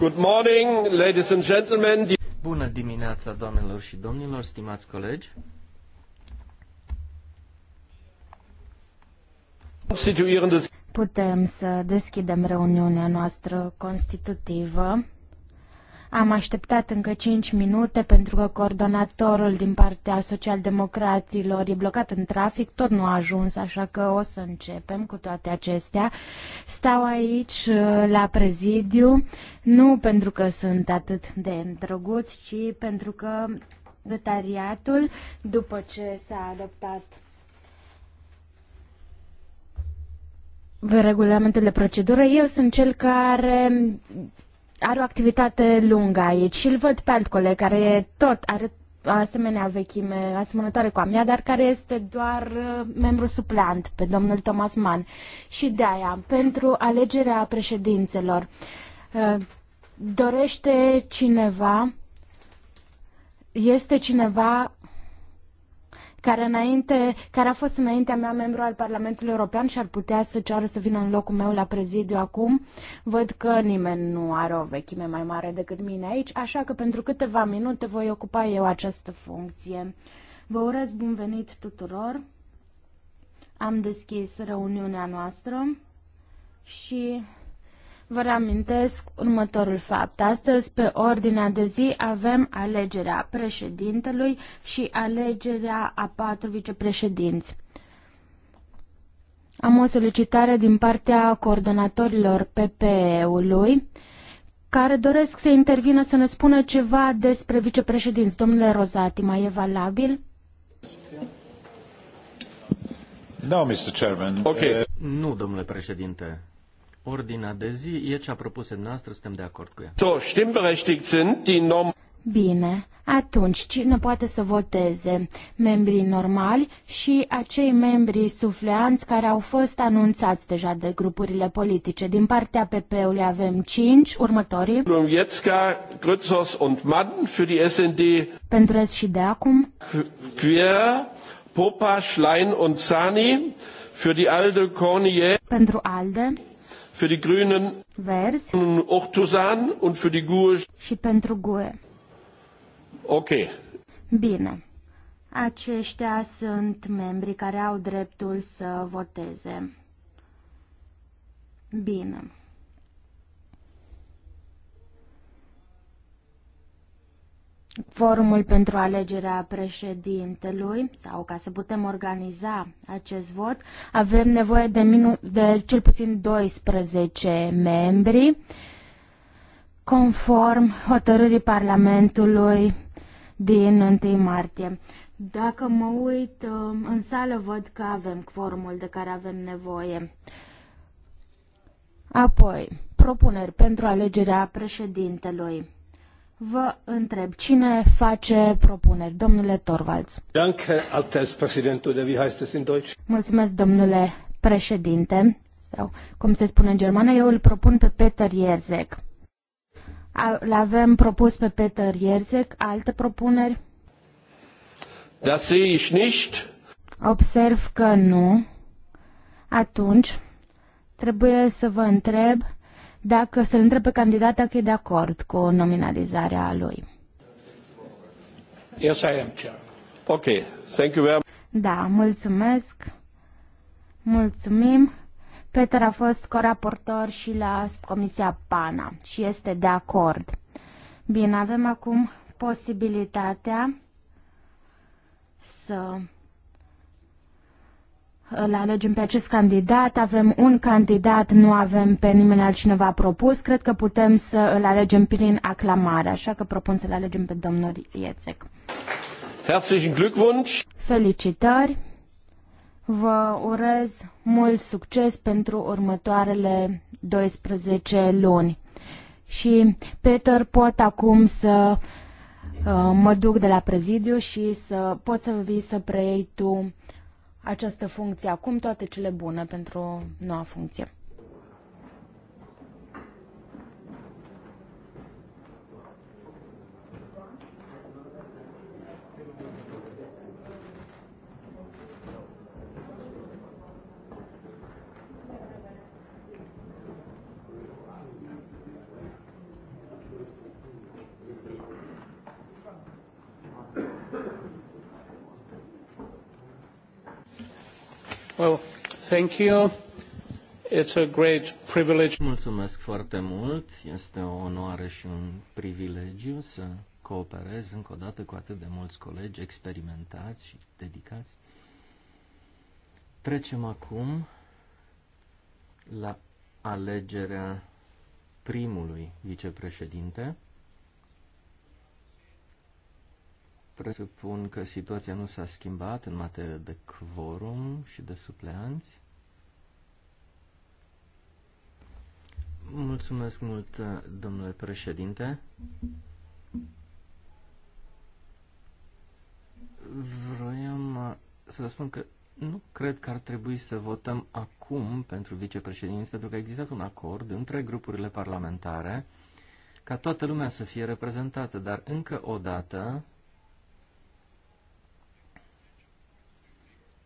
Good morning, ladies and gentlemen. Bună dimineața, doamnelor și domnilor, stimați colegi. Putem să deschidem reuniunea noastră constitutivă. Am așteptat încă 5 minute pentru că coordonatorul din partea socialdemocraților e blocat în trafic, tot nu a ajuns, așa că o să începem cu toate acestea. Stau aici uh, la prezidiu, nu pentru că sunt atât de drăguț, ci pentru că notariatul, după ce s-a adoptat regulamentul de procedură, eu sunt cel care are o activitate lungă aici și îl văd pe alt coleg care e tot are asemenea vechime asemănătoare cu a mea, dar care este doar uh, membru supleant pe domnul Thomas Mann. Și de aia, pentru alegerea președințelor, uh, dorește cineva, este cineva care, înainte, care a fost înaintea mea membru al Parlamentului European și ar putea să ceară să vină în locul meu la prezidiu acum. Văd că nimeni nu are o vechime mai mare decât mine aici, așa că pentru câteva minute voi ocupa eu această funcție. Vă urez bun venit tuturor. Am deschis reuniunea noastră și Vă reamintesc următorul fapt. Astăzi, pe ordinea de zi, avem alegerea președintelui și alegerea a patru vicepreședinți. Am o solicitare din partea coordonatorilor PPE-ului care doresc să intervină să ne spună ceva despre vicepreședinți. Domnule Rozati, mai e valabil? No, Mr. Chairman. Okay. Eh, nu, domnule președinte. Ordinea de zi e cea propusă noastră, suntem de acord cu ea. So, berechtigt sind die norm Bine, atunci cine poate să voteze? Membrii normali și acei membri sufleanți care au fost anunțați deja de grupurile politice. Din partea PP-ului avem cinci următorii. Lungiețca, Grützos und Mann für die SND. Pentru S și de acum. Quer, Popa, Schlein und Zani für die ALDE Cornier. Pentru ALDE. Für die Grünen Vers. Ortuzan und für die GUE. Și pentru GUE. Ok. Bine. Aceștia sunt membrii care au dreptul să voteze. Bine. Forumul pentru alegerea președintelui sau ca să putem organiza acest vot, avem nevoie de, minu- de cel puțin 12 membri conform hotărârii Parlamentului din 1 martie. Dacă mă uit um, în sală, văd că avem formul de care avem nevoie. Apoi, propuneri pentru alegerea președintelui. Vă întreb, cine face propuneri? Domnule Torvalds. Danke, altes de wie heißt es in Deutsch? Mulțumesc, domnule președinte, sau cum se spune în germană, eu îl propun pe Peter Ierzek. L avem propus pe Peter Ierzek. Alte propuneri? Das sehe ich nicht. Observ că nu. Atunci, trebuie să vă întreb dacă să-l întreb pe candidat dacă e de acord cu nominalizarea lui. Yes, I am, Chair. Ok, thank you very much. Da, mulțumesc. Mulțumim. Peter a fost coraportor și la Comisia PANA și este de acord. Bine, avem acum posibilitatea să îl alegem pe acest candidat, avem un candidat, nu avem pe nimeni altcineva propus, cred că putem să îl alegem prin aclamare, așa că propun să-l alegem pe domnul Iețec. Herzlichen Glückwunsch! Felicitări! Vă urez mult succes pentru următoarele 12 luni. Și, Peter, pot acum să uh, mă duc de la prezidiu și să pot să vii să preiei tu această funcție acum toate cele bune pentru noua funcție. Well, thank you. It's a great privilege. Mulțumesc foarte mult. Este o onoare și un privilegiu să cooperez încă o dată cu atât de mulți colegi experimentați și dedicați. Trecem acum la alegerea primului vicepreședinte. presupun că situația nu s-a schimbat în materie de quorum și de supleanți. Mulțumesc mult, domnule președinte. Vroiam uh, să vă spun că nu cred că ar trebui să votăm acum pentru vicepreședinți, pentru că a existat un acord între grupurile parlamentare ca toată lumea să fie reprezentată, dar încă o dată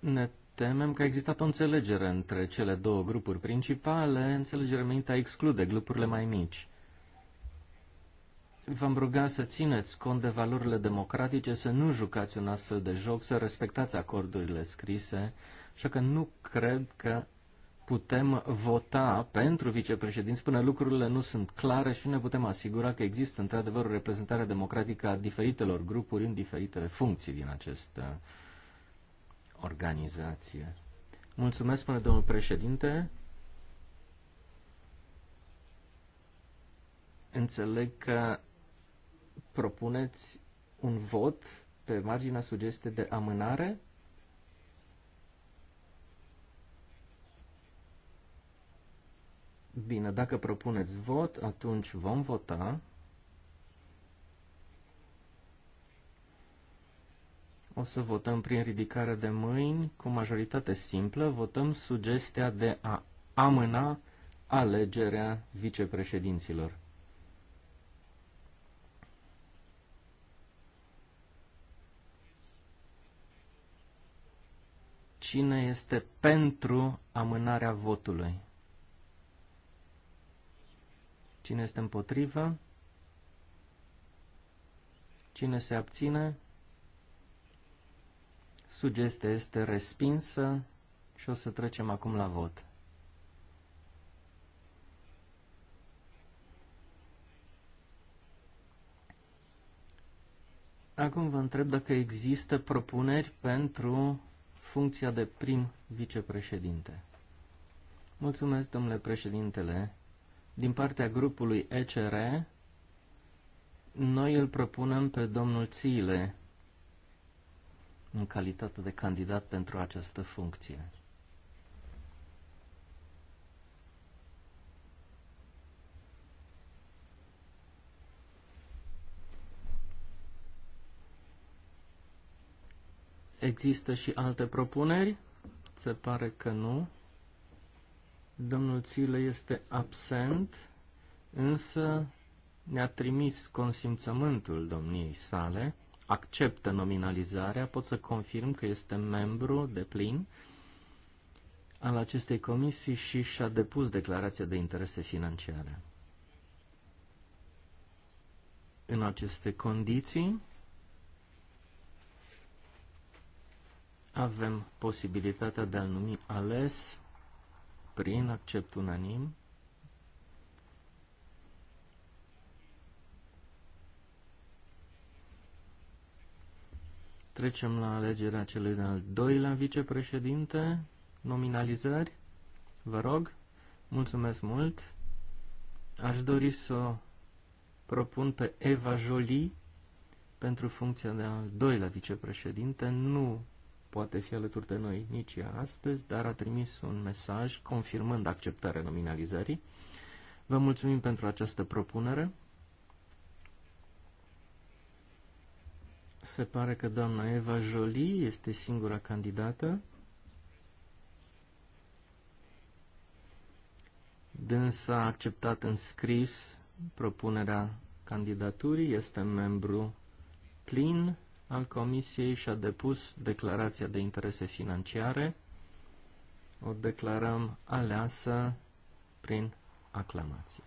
Ne temem că a existat o înțelegere între cele două grupuri principale, înțelegerea menită a exclude grupurile mai mici. V-am ruga să țineți cont de valorile democratice, să nu jucați un astfel de joc, să respectați acordurile scrise, așa că nu cred că putem vota pentru vicepreședinți până lucrurile nu sunt clare și ne putem asigura că există într-adevăr o reprezentare democratică a diferitelor grupuri în diferitele funcții din acest organizație. Mulțumesc, până domnul președinte. Înțeleg că propuneți un vot pe marginea sugestiei de amânare. Bine, dacă propuneți vot, atunci vom vota. O să votăm prin ridicare de mâini, cu majoritate simplă, votăm sugestia de a amâna alegerea vicepreședinților. Cine este pentru amânarea votului? Cine este împotrivă? Cine se abține? Sugestia este respinsă și o să trecem acum la vot. Acum vă întreb dacă există propuneri pentru funcția de prim vicepreședinte. Mulțumesc, domnule președintele. Din partea grupului ECR, noi îl propunem pe domnul Țile în calitate de candidat pentru această funcție. Există și alte propuneri? Se pare că nu. Domnul Țile este absent, însă ne-a trimis consimțământul domniei sale acceptă nominalizarea, pot să confirm că este membru de plin al acestei comisii și și-a depus declarația de interese financiare. În aceste condiții avem posibilitatea de a numi ales prin accept unanim Trecem la alegerea celui de-al doilea vicepreședinte. Nominalizări. Vă rog. Mulțumesc mult. Aș dori să propun pe Eva Jolie pentru funcția de al doilea vicepreședinte. Nu poate fi alături de noi nici ea astăzi, dar a trimis un mesaj confirmând acceptarea nominalizării. Vă mulțumim pentru această propunere. Se pare că doamna Eva Jolie este singura candidată. Dânsa a acceptat în scris propunerea candidaturii, este membru plin al comisiei și a depus declarația de interese financiare. O declarăm aleasă prin aclamație.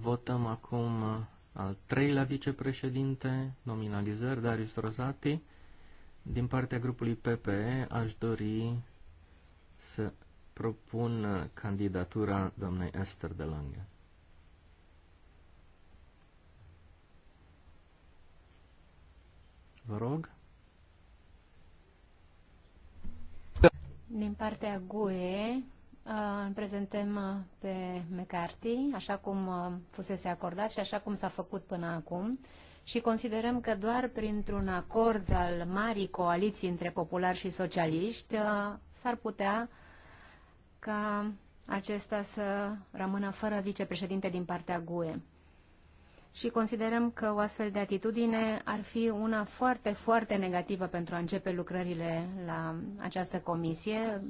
Votăm acum uh, al treilea vicepreședinte, nominalizări, Darius Rosati. Din partea grupului PPE aș dori să propun uh, candidatura doamnei Esther de Lange. Vă rog. Din partea GUE, Uh, îl prezentăm uh, pe McCarthy, așa cum uh, fusese acordat și așa cum s-a făcut până acum și considerăm că doar printr-un acord al marii coaliții între populari și socialiști s-ar putea ca acesta să rămână fără vicepreședinte din partea GUE și considerăm că o astfel de atitudine ar fi una foarte, foarte negativă pentru a începe lucrările la această comisie,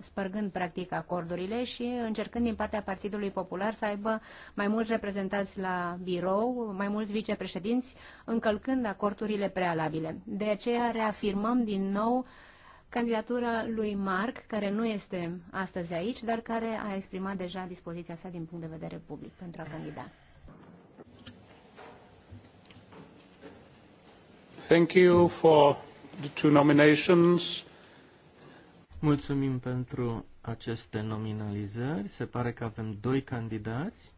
spărgând practic acordurile și încercând din partea Partidului Popular să aibă mai mulți reprezentanți la birou, mai mulți vicepreședinți, încălcând acordurile prealabile. De aceea reafirmăm din nou candidatura lui Marc, care nu este astăzi aici, dar care a exprimat deja dispoziția sa din punct de vedere public pentru a candida. Thank you for the two nominations. Mulțumim pentru aceste nominalizări. Se pare că avem doi candidați.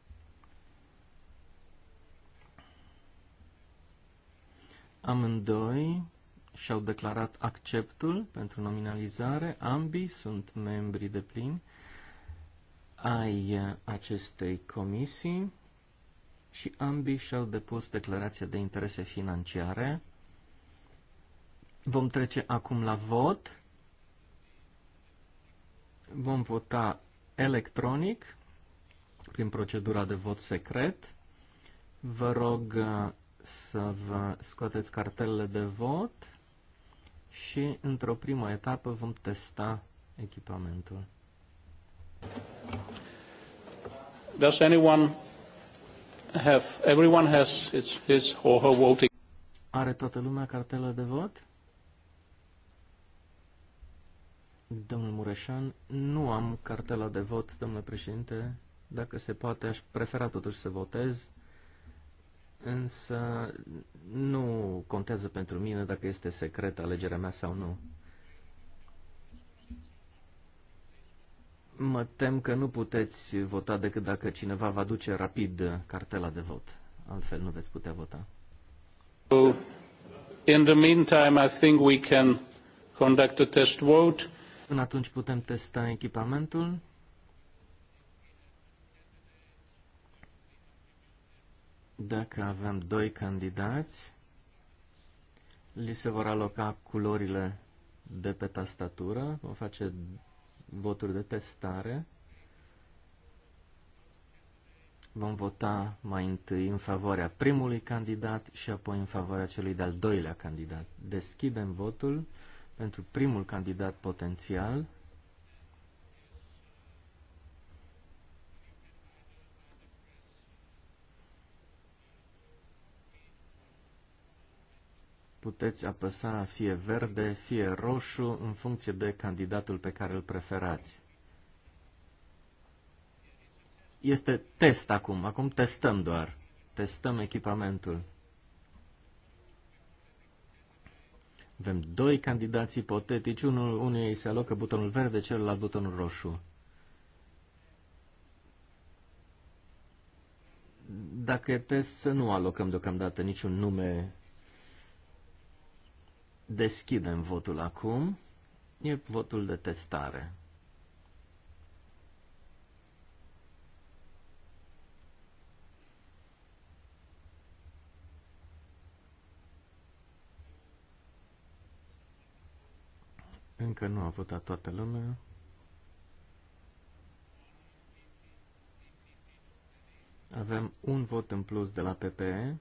Amândoi și-au declarat acceptul pentru nominalizare. Ambii sunt membri de plin ai acestei comisii și ambii și-au depus declarația de interese financiare. Vom trece acum la vot. Vom vota electronic prin procedura de vot secret. Vă rog uh, să vă scoateți cartelele de vot și într-o primă etapă vom testa echipamentul. Does anyone have everyone has his, his or her voting? Are toată lumea cartelă de vot? Domnul Mureșan, nu am cartela de vot, domnule președinte. Dacă se poate, aș prefera totuși să votez, însă nu contează pentru mine dacă este secret alegerea mea sau nu. Mă tem că nu puteți vota decât dacă cineva va duce rapid cartela de vot. Altfel nu veți putea vota. In the meantime, I think we can conduct a test vote. Până atunci putem testa echipamentul. Dacă avem doi candidați, li se vor aloca culorile de pe tastatură, vom face voturi de testare. Vom vota mai întâi în favoarea primului candidat și apoi în favoarea celui de-al doilea candidat. Deschidem votul pentru primul candidat potențial. Puteți apăsa fie verde, fie roșu, în funcție de candidatul pe care îl preferați. Este test acum, acum testăm doar. Testăm echipamentul. Avem doi candidați ipotetici, unul, unul îi se alocă butonul verde, celălalt butonul roșu. Dacă e să nu alocăm deocamdată niciun nume, deschidem votul acum. E votul de testare. Încă nu a votat toată lumea. Avem un vot în plus de la PPE.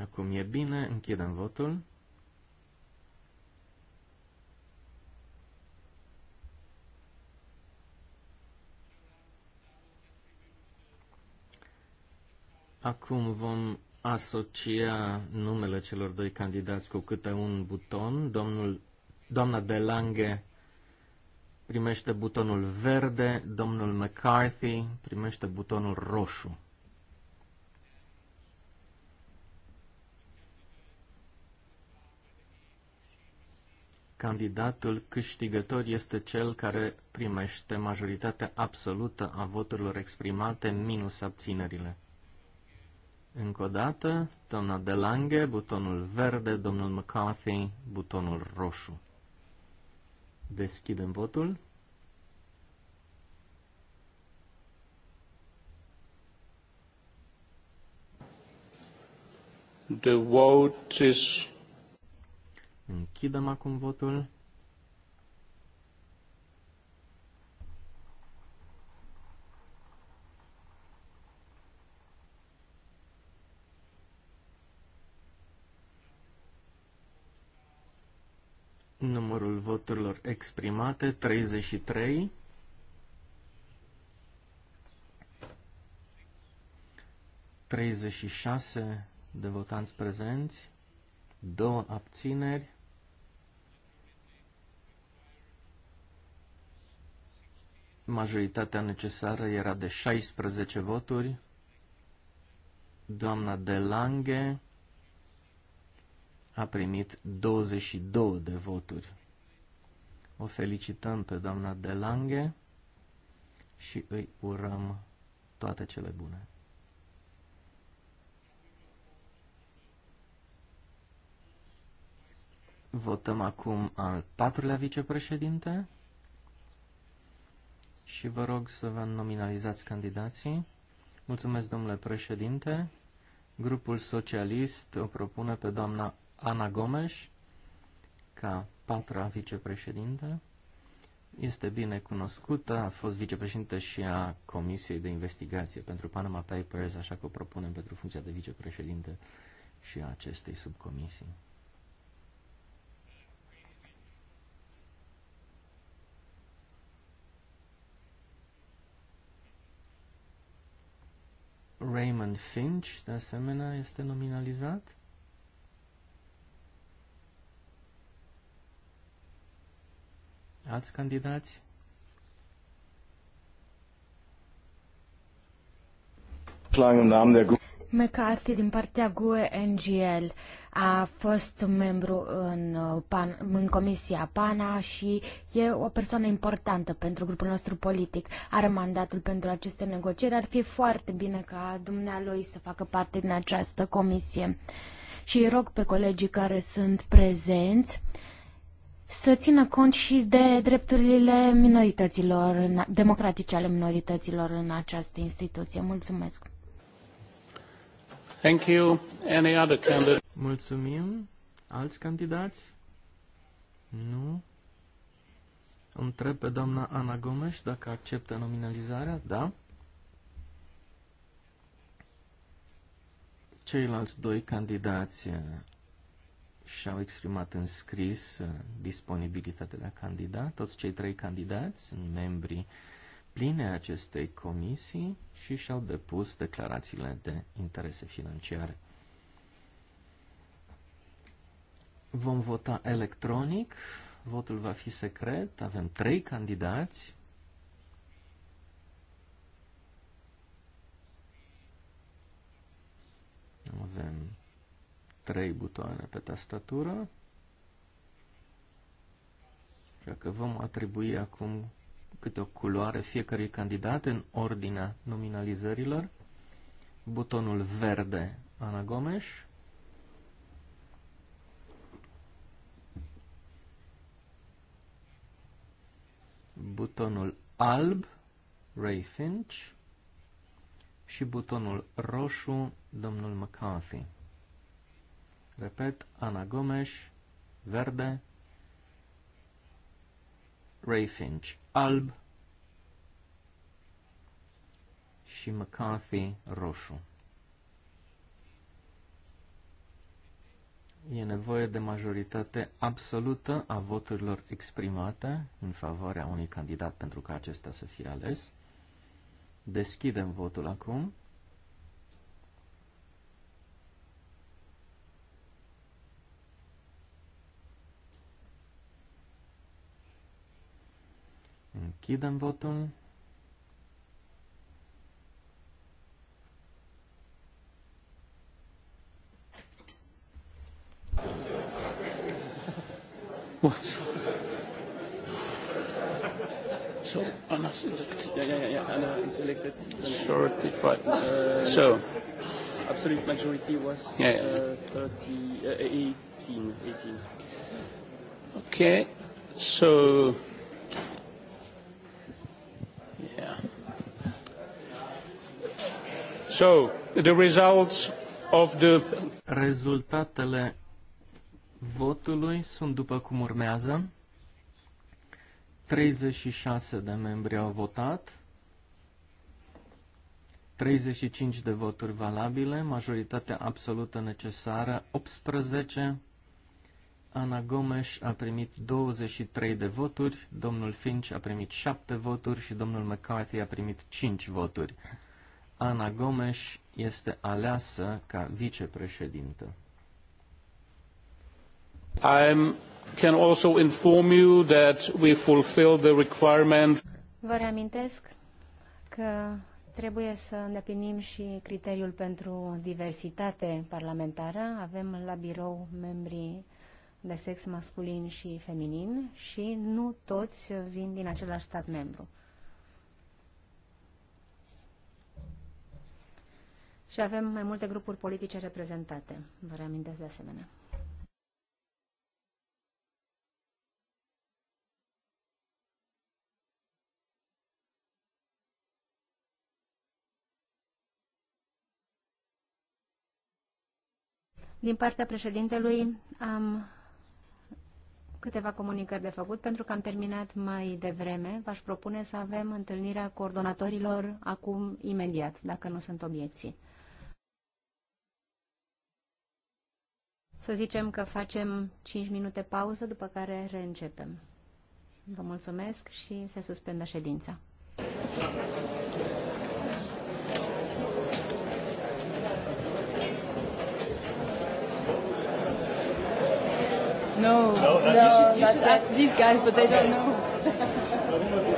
Acum e bine, închidem votul. Acum vom asocia numele celor doi candidați cu câte un buton. Domnul, doamna De Lange primește butonul verde, domnul McCarthy primește butonul roșu. Candidatul câștigător este cel care primește majoritatea absolută a voturilor exprimate minus abținerile. Încă o dată, doamna Delange, butonul verde, domnul McCarthy, butonul roșu. Deschidem votul. The vote is... Închidem acum votul. drepturilor exprimate, 33, treizeci șase de votanți prezenți, două abțineri, majoritatea necesară era de 16 voturi. Doamna de Lange a primit 22 de voturi. O felicităm pe doamna Delange și îi urăm toate cele bune. Votăm acum al patrulea vicepreședinte și vă rog să vă nominalizați candidații. Mulțumesc, domnule președinte. Grupul socialist o propune pe doamna Ana Gomes ca patra vicepreședinte. Este bine cunoscută, a fost vicepreședinte și a Comisiei de Investigație pentru Panama Papers, așa că o propunem pentru funcția de vicepreședinte și a acestei subcomisii. Raymond Finch, de asemenea, este nominalizat. Alți candidați? McCarthy din partea GUE NGL a fost membru în, uh, PAN, în Comisia PANA și e o persoană importantă pentru grupul nostru politic. Are mandatul pentru aceste negocieri. Ar fi foarte bine ca dumnealui să facă parte din această comisie. Și rog pe colegii care sunt prezenți să țină cont și de drepturile minorităților, democratice ale minorităților în această instituție. Mulțumesc! Thank you. Any other candidate? Mulțumim. Alți candidați? Nu. Întreb pe doamna Ana Gomes dacă acceptă nominalizarea. Da. Ceilalți doi candidați și-au exprimat în scris uh, disponibilitatea de a candida. Toți cei trei candidați sunt membrii pline acestei comisii și și-au depus declarațiile de interese financiare. Vom vota electronic, votul va fi secret, avem trei candidați. Avem trei butoane pe tastatură. Așa că vom atribui acum câte o culoare fiecărui candidat în ordinea nominalizărilor. Butonul verde, Ana Gomes. Butonul alb, Ray Finch. Și butonul roșu, domnul McCarthy. Repet, Ana Gomes, verde, Ray Finch, alb și McCarthy, roșu. E nevoie de majoritate absolută a voturilor exprimate în favoarea unui candidat pentru ca acesta să fie ales. Deschidem votul acum. Închidem votul. So, Anna selected. Yeah, yeah, yeah. Anna selected. Certified. Uh, so, absolute majority was yeah, yeah. Uh, 30, uh, 18, 18. Okay. So. So, the results of the... Rezultatele votului sunt după cum urmează. 36 de membri au votat, 35 de voturi valabile, majoritatea absolută necesară 18. Ana Gomes a primit 23 de voturi, domnul Finch a primit 7 voturi și domnul McCarthy a primit 5 voturi. Ana Gomes este aleasă ca vicepreședintă. I can also inform you that we fulfill the requirement. Vă reamintesc că trebuie să îndeplinim și criteriul pentru diversitate parlamentară. Avem la birou membrii de sex masculin și feminin și nu toți vin din același stat membru. și avem mai multe grupuri politice reprezentate. Vă reamintesc de asemenea. Din partea președintelui am câteva comunicări de făcut pentru că am terminat mai devreme. V-aș propune să avem întâlnirea coordonatorilor acum imediat, dacă nu sunt obiecții. Să zicem că facem 5 minute pauză, după care reîncepem. Vă mulțumesc și se suspendă ședința. No, no, no, that's, that's these guys, but they don't know.